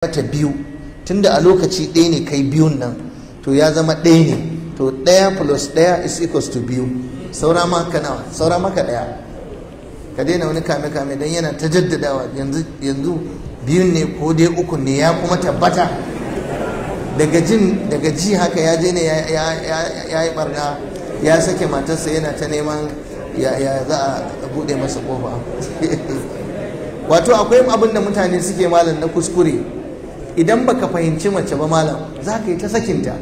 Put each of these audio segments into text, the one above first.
mata biyu tunda a lokaci ɗaya ne kai biyun nan to ya zama ɗaya ne to ɗaya plus ɗaya is equals to biyu saura maka nawa saura maka ɗaya ka daina wani kame kame don yana ta jaddadawa yanzu biyun ne ko dai uku ne ya kuma tabbata daga jin ji haka ya je ne ya yi barna ya sake matarsa yana ta neman ya za a buɗe masa ƙofa wato akwai abin da mutane suke malam na kuskure idan baka fahimci mace ba malam za ka yi ta sakinta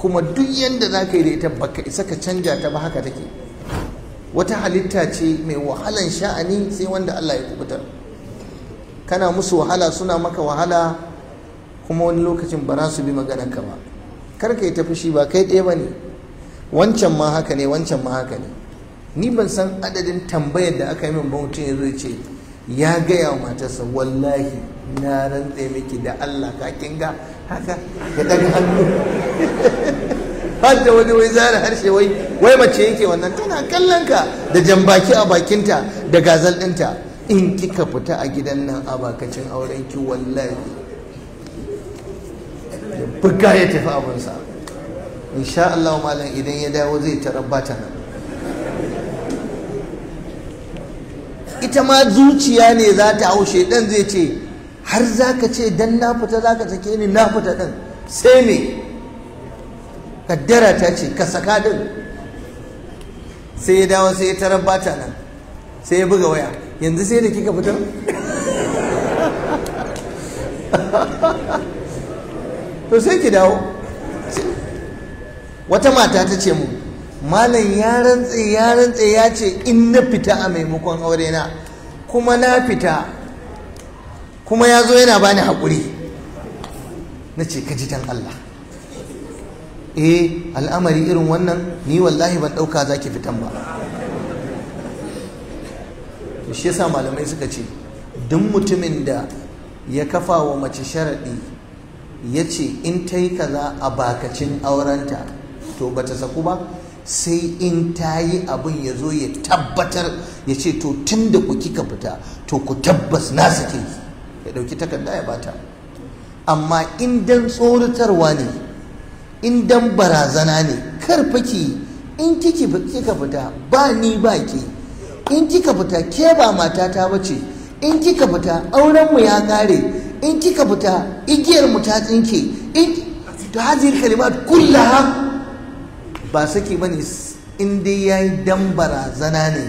kuma duk yadda za ka yi da ita baka isa ka canja ta ba haka take wata halitta ce mai wahalan sha'ani sai wanda Allah ya kubutar kana musu wahala suna maka wahala kuma wani lokacin ba su bi maganarka ba kar ka yi ta fushi ba kai ɗaya ba ne wancan ma haka ne wancan ma haka ne ni ban san adadin tambayar da aka yi min ba mutum ya zo ya ce ya gaya wa matarsa wallahi na rantse miki da Allah ka kinga haka ka daga hannu da wani wai zara harshe wai wai mace yake wannan tana kallon ka da jan baki a bakinta da gazal ɗinta in kika fita a gidan nan a bakacin auren ki wallahi buga ya tafi sa insha Allah malam idan ya dawo zai tarabbata nan ita ma zuciya ne za ta hau dan zai ce har za ka ce dan na fita za ka sake ni na fita ɗin sai me kaddara ta ce ka saka ɗin sai ya dawo sai ya tarar bata nan sai ya buga waya yanzu sai da kika fita to sai ki dawo wata mata ta ce mu malam ya rantse ya rantse ya ce in na fita a maimakon aure na kuma na fita kuma ya zo yana bani hakuri. na ce ka ji dan Allah eh al'amari irin wannan ni wallahi ban ɗauka zaki fitan ba shi yasa malamai suka ce duk mutumin da ya kafa wa mace sharaɗi ya ce in ta yi kaza a bakacin aurenta to bata saku ba sai in ta yi abin ya zo ya tabbatar ya ce to tun da ku kika fita to ku tabbas na sake ya ɗauki takarda ya bata amma in dan tsoratarwa ne in dan barazana ne kar faki in kiki kika fita ba ni ba ki in kika fita ke ba matata bace in kika fita auren mu ya kare in kika fita igiyar mu ta tsinke in to hazir kalimat kullaha ba saki bane in dai yayi dan barazana ne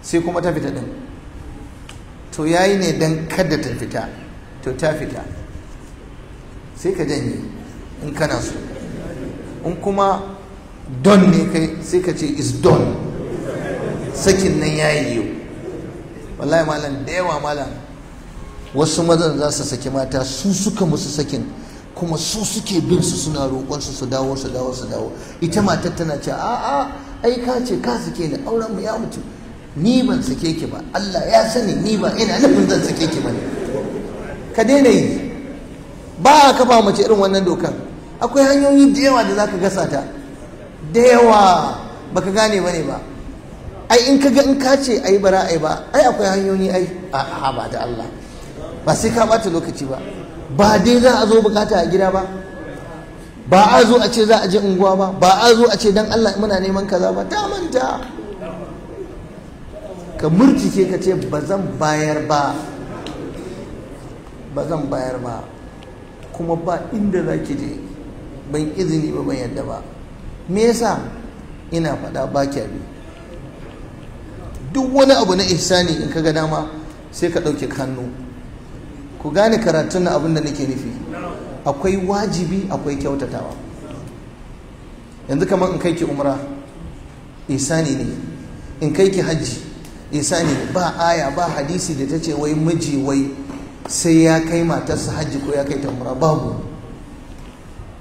sai kuma ta fita din to ya yi ne don kada ta fita to ta fita sai ka janye in kana so in kuma don ne kai sai ka ce is don sakin nan ya yi yau wallahi malam da yawa malam wasu mazan za su saki mata su suka musu sakin kuma su suke bin su suna roƙon su su dawo su dawo su dawo ita matar tana ce a'a ai ka ce ka suke ni auren mu ya mutu ni ban sake ki ba Allah ya sani ni ba ina nufin zan sake ki ba ne ka daina yi ba a kafa mace irin wannan dokan akwai hanyoyi da yawa da zaka gasa ta da yawa baka gane ba ne ba ai in ka ga in ka ce ai bara ai ba ai akwai hanyoyi ai a'a ba da Allah ba sai ka bata lokaci ba ba dai za a zo bukata a gida ba ba a zo a ce za a je unguwa ba ba a zo a ce dan Allah muna neman kaza ba ta manta ka murtice ka ce ba zan bayar ba ba zan bayar ba kuma ba inda za ki je ban izini ba ban yadda ba me yasa ina faɗa ba kya bi duk wani abu na ihsani in ga dama sai ka ɗauke hannu ku gane karatun na abin da nake nufi akwai wajibi akwai kyautatawa yanzu kamar in kai ki umra ihsani ne in kai ki hajji isani ba aya ba hadisi da ta ce wai miji wai sai ya kai matarsa hajji ko ya kai ta babu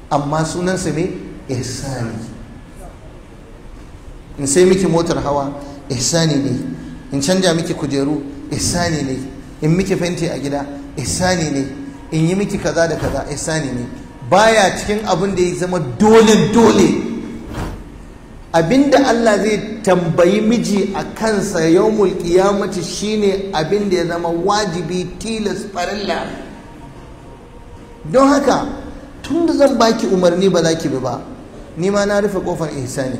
amma sunansa ne ihsani in sai miki motar hawa ihsani ne in canja miki kujeru ihsani ne in miki fenti a gida ihsani ne in yi miki kaza da kaza ihsani ne baya cikin abin da ya zama dole dole abinda Allah zai tambayi miji a kansa yawmul qiyamati shine abinda ya zama wajibi tilas farilla don haka tun da zan baki umarni ba za ki bi ba ni ma na rufe kofar ihsani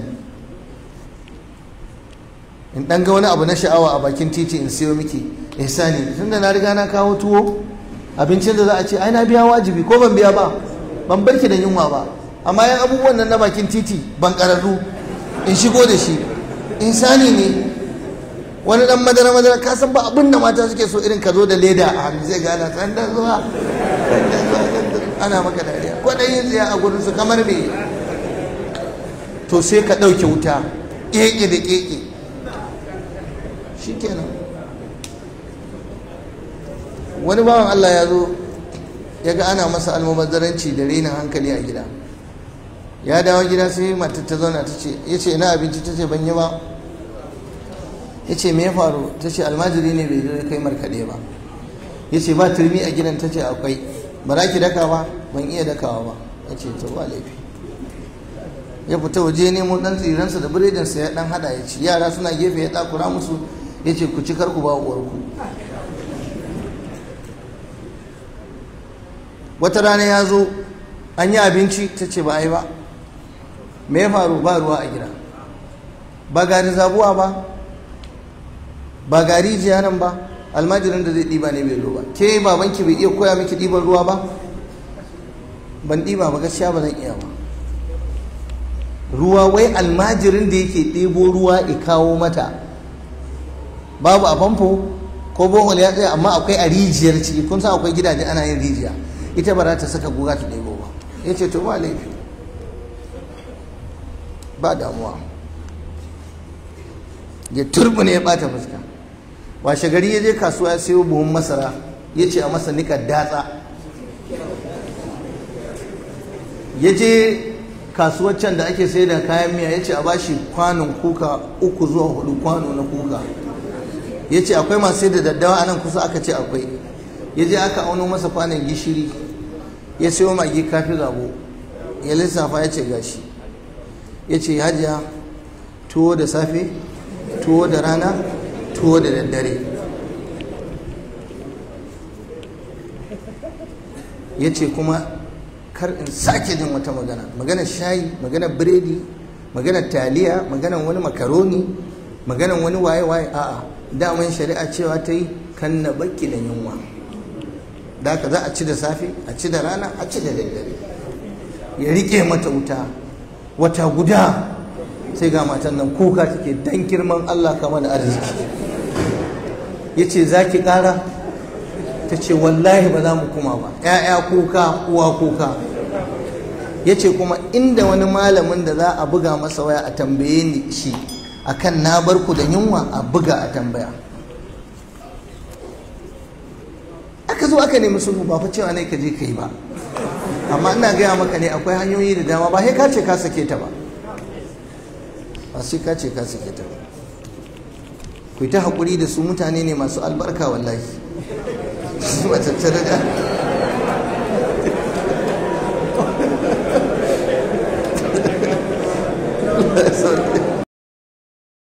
in dan ga wani abu na sha'awa a bakin titi in siyo miki ihsani tunda na riga na kawo tuwo abincin da za a ce ai na biya wajibi ko ban biya ba ban barki da yunwa ba amma yan abubuwan nan na bakin titi ban kararru in shigo da shi insani ne wani dan madara madara ka san ba abin da mata suke so irin ka zo da leda a hannu zai gana san da zuwa ana maka dariya kwaɗayin tsaya a gurin su kamar me to sai ka ɗauke wuta keke da Shi shikenan wani bawan Allah ya zo ya ga ana masa almubazzaranci da rainin hankali a gida ya dawo gida sai matar ta zauna ta ce ya ce ina abinci ta ce ban yi ba ya ce me ya faru ta ce almajiri ne bai zo kai markaɗe ba ya ce ba turmi a gidan ta ce akwai ba za ki daka ba ban iya dakawa ba ya ce to ba laifi ya fita waje nemo dan tsiransa da biredinsa ya dan hada ya ci yara suna gefe ya takura musu ya ce ku ci karku ba uwarku wata rana ya zo an yi abinci ta ce ba a yi ba me ya faru ba ruwa a gida ba gari zabuwa ba ba gari jiya nan ba almajirin da zai ɗiba ne bai zo ba ke babanki bai iya koya miki ɗiban ruwa ba ban ɗiba ba gaskiya ba zan iya ba ruwa wai almajirin da yake ɗebo ruwa ya kawo mata babu a famfo ko bohol ya tsaya amma akwai a rijiyar ciki kun san akwai gidaje ana yin rijiya ita ba za ta saka guga ta ɗebo ba ya ce to ba laifi ba damuwa ya ne ya bata fuska washe gari ya je kasuwa ya sayo buhun masara ya ce a masa nika datsa ya je kasuwar can da ake sayar da kayan miya ya ce a bashi kwanon kuka uku zuwa hudu kwano na kuka ya ce akwai masu da daddawa a nan kusa aka ce akwai ya je aka auno masa kwanon gishiri ya sayo magi kafin rabo ya lissafa ya ce gashi ya ce hajiya tuwo da safe tuwo da rana tuwo da daddare ya ce kuma kar in sake jin wata magana magana shayi magana biredi magana taliya magana wani makaroni magana wani waye-waye a'a daman shari'a cewa ta yi kan na baki da yunwa da za a ci da safe a ci da rana a ci da daddare ya rike mata wuta wata guda sai ga matan nan kuka take dan girman Allah ka da arziki ya ce za ki ƙara ta ce wallahi ba za mu kuma ba ‘ya'ya kuka uwa kuka ya ce kuma inda wani malamin da za a buga masa waya a tambaye ni shi akan na bar ku da yunwa a buga a tambaya aka zo aka nemi sulhu ba fa cewa ne ka je ka yi ba amma ina gaya maka ne akwai hanyoyi da dama ba sai ka ce ka sake ta ba ba sai ka ce ka sake ta ba ku ta haƙuri da su mutane ne masu albarka wallahi su ba da Sorry.